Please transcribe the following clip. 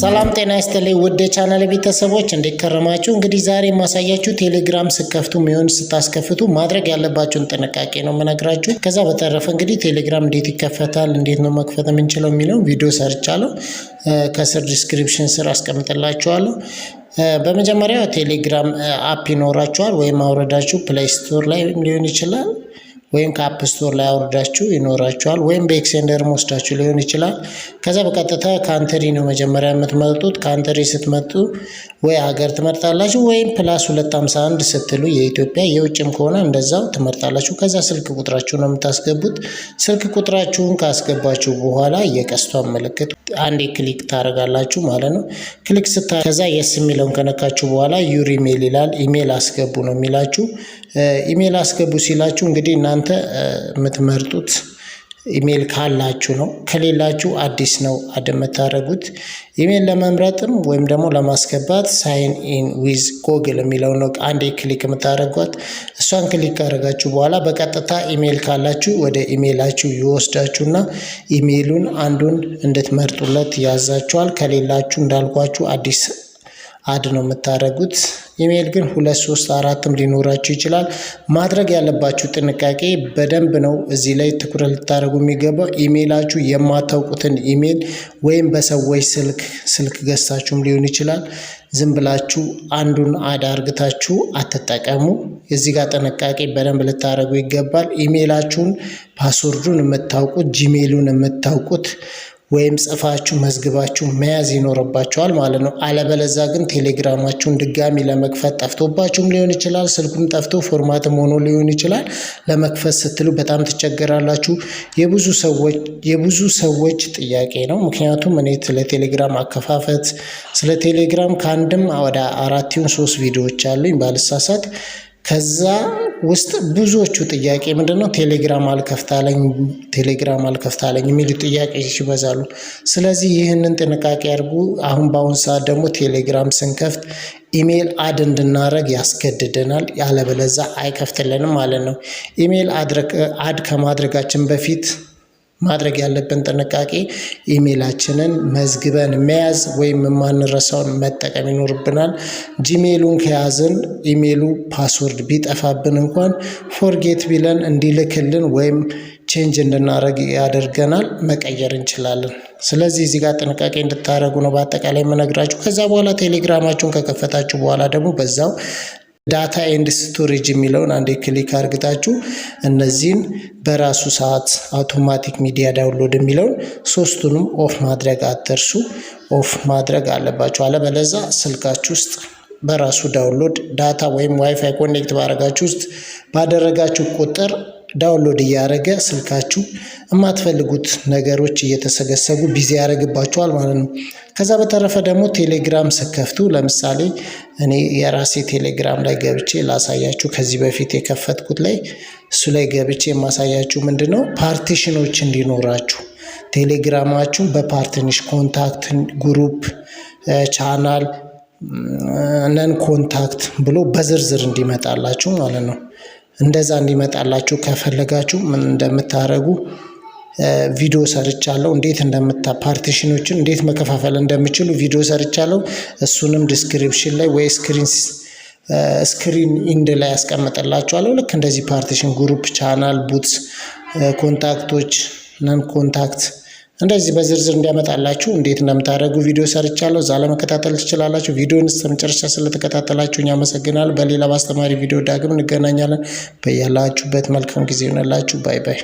ሰላም ጤና ይስጥልኝ ውድ ቻናል ቤተሰቦች እንዴት ከረማችሁ? እንግዲህ ዛሬ የማሳያችሁ ቴሌግራም ስከፍቱ ሚሆን ስታስከፍቱ ማድረግ ያለባችሁን ጥንቃቄ ነው የምነግራችሁ። ከዛ በተረፈ እንግዲህ ቴሌግራም እንዴት ይከፈታል፣ እንዴት ነው መክፈት የምንችለው የሚለው ቪዲዮ ሰርቻለሁ። ከስር ዲስክሪፕሽን ስር አስቀምጥላችኋለሁ። በመጀመሪያ ቴሌግራም አፕ ይኖራችኋል፣ ወይም አውረዳችሁ ፕሌይ ስቶር ላይ ሊሆን ይችላል ወይም ከአፕ ስቶር ላይ አውርዳችሁ ይኖራችኋል። ወይም በኤክሴንደር ወስዳችሁ ሊሆን ይችላል። ከዛ በቀጥታ ካንትሪ ነው መጀመሪያ የምትመጡት ካንትሪ ስትመጡ ወይ ሀገር ትመርጣላችሁ፣ ወይም ፕላስ 251 ስትሉ የኢትዮጵያ የውጭም ከሆነ እንደዛው ትመርጣላችሁ። ከዛ ስልክ ቁጥራችሁ ነው የምታስገቡት። ስልክ ቁጥራችሁን ካስገባችሁ በኋላ የቀስቷን ምልክት አንዴ ክሊክ ታደርጋላችሁ ማለት ነው። ክሊክ ስታ ከዛ የስ የሚለውን ከነካችሁ በኋላ ዩር ኢሜል ይላል። ኢሜል አስገቡ ነው የሚላችሁ ኢሜል አስገቡ ሲላችሁ እንግዲህ እናንተ የምትመርጡት ኢሜል ካላችሁ ነው። ከሌላችሁ አዲስ ነው አድ የምታደርጉት። ኢሜል ለመምረጥም ወይም ደግሞ ለማስገባት ሳይን ኢን ዊዝ ጎግል የሚለው ነው አንዴ ክሊክ የምታደርጓት። እሷን ክሊክ ካደረጋችሁ በኋላ በቀጥታ ኢሜል ካላችሁ ወደ ኢሜላችሁ ይወስዳችሁና ኢሜሉን አንዱን እንድትመርጡለት ያዛችኋል። ከሌላችሁ እንዳልኳችሁ አዲስ አድ ነው የምታደርጉት። ኢሜይል ግን ሁለት ሶስት አራትም ሊኖራችሁ ይችላል። ማድረግ ያለባችሁ ጥንቃቄ በደንብ ነው። እዚህ ላይ ትኩረት ልታደርጉ የሚገባው ኢሜይላችሁ የማታውቁትን ኢሜይል ወይም በሰዎች ስልክ ስልክ ገዝታችሁም ሊሆን ይችላል። ዝም ብላችሁ አንዱን አድ አርግታችሁ አትጠቀሙ። እዚህ ጋር ጥንቃቄ በደንብ ልታደርጉ ይገባል። ኢሜይላችሁን ፓስወርዱን የምታውቁት ጂሜሉን የምታውቁት ወይም ጽፋችሁ መዝግባችሁ መያዝ ይኖርባችኋል ማለት ነው። አለበለዛ ግን ቴሌግራማችሁን ድጋሚ ለመክፈት ጠፍቶባችሁም ሊሆን ይችላል፣ ስልኩም ጠፍቶ ፎርማትም ሆኖ ሊሆን ይችላል። ለመክፈት ስትሉ በጣም ትቸገራላችሁ። የብዙ ሰዎች ጥያቄ ነው። ምክንያቱም እኔ ስለ ቴሌግራም አከፋፈት ስለ ቴሌግራም ከአንድም ወደ አራት ይሁን ሶስት ቪዲዮዎች አሉኝ ባልሳሳት ከዛ ውስጥ ብዙዎቹ ጥያቄ ምንድን ነው? ቴሌግራም አልከፍታለኝ ቴሌግራም አልከፍታለኝ የሚሉ ጥያቄዎች ይበዛሉ። ስለዚህ ይህንን ጥንቃቄ አድርጉ። አሁን በአሁን ሰዓት ደግሞ ቴሌግራም ስንከፍት ኢሜይል አድ እንድናደረግ ያስገድደናል። ያለበለዛ አይከፍትልንም ማለት ነው። ኢሜይል አድ ከማድረጋችን በፊት ማድረግ ያለብን ጥንቃቄ ኢሜይላችንን መዝግበን መያዝ ወይም የማንረሳውን መጠቀም ይኖርብናል። ጂሜሉን ከያዝን ኢሜይሉ ፓስወርድ ቢጠፋብን እንኳን ፎርጌት ቢለን እንዲልክልን ወይም ቼንጅ እንድናደረግ ያደርገናል። መቀየር እንችላለን። ስለዚህ እዚህ ጋር ጥንቃቄ እንድታደረጉ ነው በአጠቃላይ የምነግራችሁ። ከዛ በኋላ ቴሌግራማችሁን ከከፈታችሁ በኋላ ደግሞ በዛው ዳታ ኤንድ ስቶሬጅ የሚለውን አንድ ክሊክ አርግታችሁ እነዚህን በራሱ ሰዓት አውቶማቲክ ሚዲያ ዳውንሎድ የሚለውን ሶስቱንም ኦፍ ማድረግ አትርሱ። ኦፍ ማድረግ አለባችሁ። አለበለዛ ስልካችሁ ውስጥ በራሱ ዳውንሎድ ዳታ ወይም ዋይፋይ ኮኔክት ባረጋችሁ ውስጥ ባደረጋችሁ ቁጥር ዳውንሎድ እያደረገ ስልካችሁ የማትፈልጉት ነገሮች እየተሰገሰጉ ቢዚ ያደረግባችኋል ማለት ነው። ከዛ በተረፈ ደግሞ ቴሌግራም ስከፍቱ ለምሳሌ እኔ የራሴ ቴሌግራም ላይ ገብቼ ላሳያችሁ። ከዚህ በፊት የከፈትኩት ላይ እሱ ላይ ገብቼ የማሳያችሁ ምንድን ነው ፓርቲሽኖች እንዲኖራችሁ ቴሌግራማችሁን በፓርትንሽ ኮንታክት፣ ግሩፕ፣ ቻናል ነን ኮንታክት ብሎ በዝርዝር እንዲመጣላችሁ ማለት ነው። እንደዛ እንዲመጣላችሁ ከፈለጋችሁ ምን እንደምታደርጉ ቪዲዮ ሰርቻለሁ። እንዴት እንደምታ ፓርቲሽኖችን እንዴት መከፋፈል እንደምችሉ ቪዲዮ ሰርቻለሁ። እሱንም ዲስክሪፕሽን ላይ ወይ ስክሪን ስክሪን ኢንድ ላይ ያስቀምጥላችኋለሁ። ልክ እንደዚህ ፓርቲሽን፣ ግሩፕ፣ ቻናል፣ ቡትስ፣ ኮንታክቶች፣ ነን ኮንታክት እንደዚህ በዝርዝር እንዲያመጣላችሁ እንዴት እንደምታደርጉ ቪዲዮ ሰርቻለሁ። እዛ ለመከታተል ትችላላችሁ። ቪዲዮን እስከ መጨረሻ ስለተከታተላችሁኝ አመሰግናለሁ። በሌላ በአስተማሪ ቪዲዮ ዳግም እንገናኛለን። በያላችሁበት መልካም ጊዜ ይሆነላችሁ። ባይ ባይ።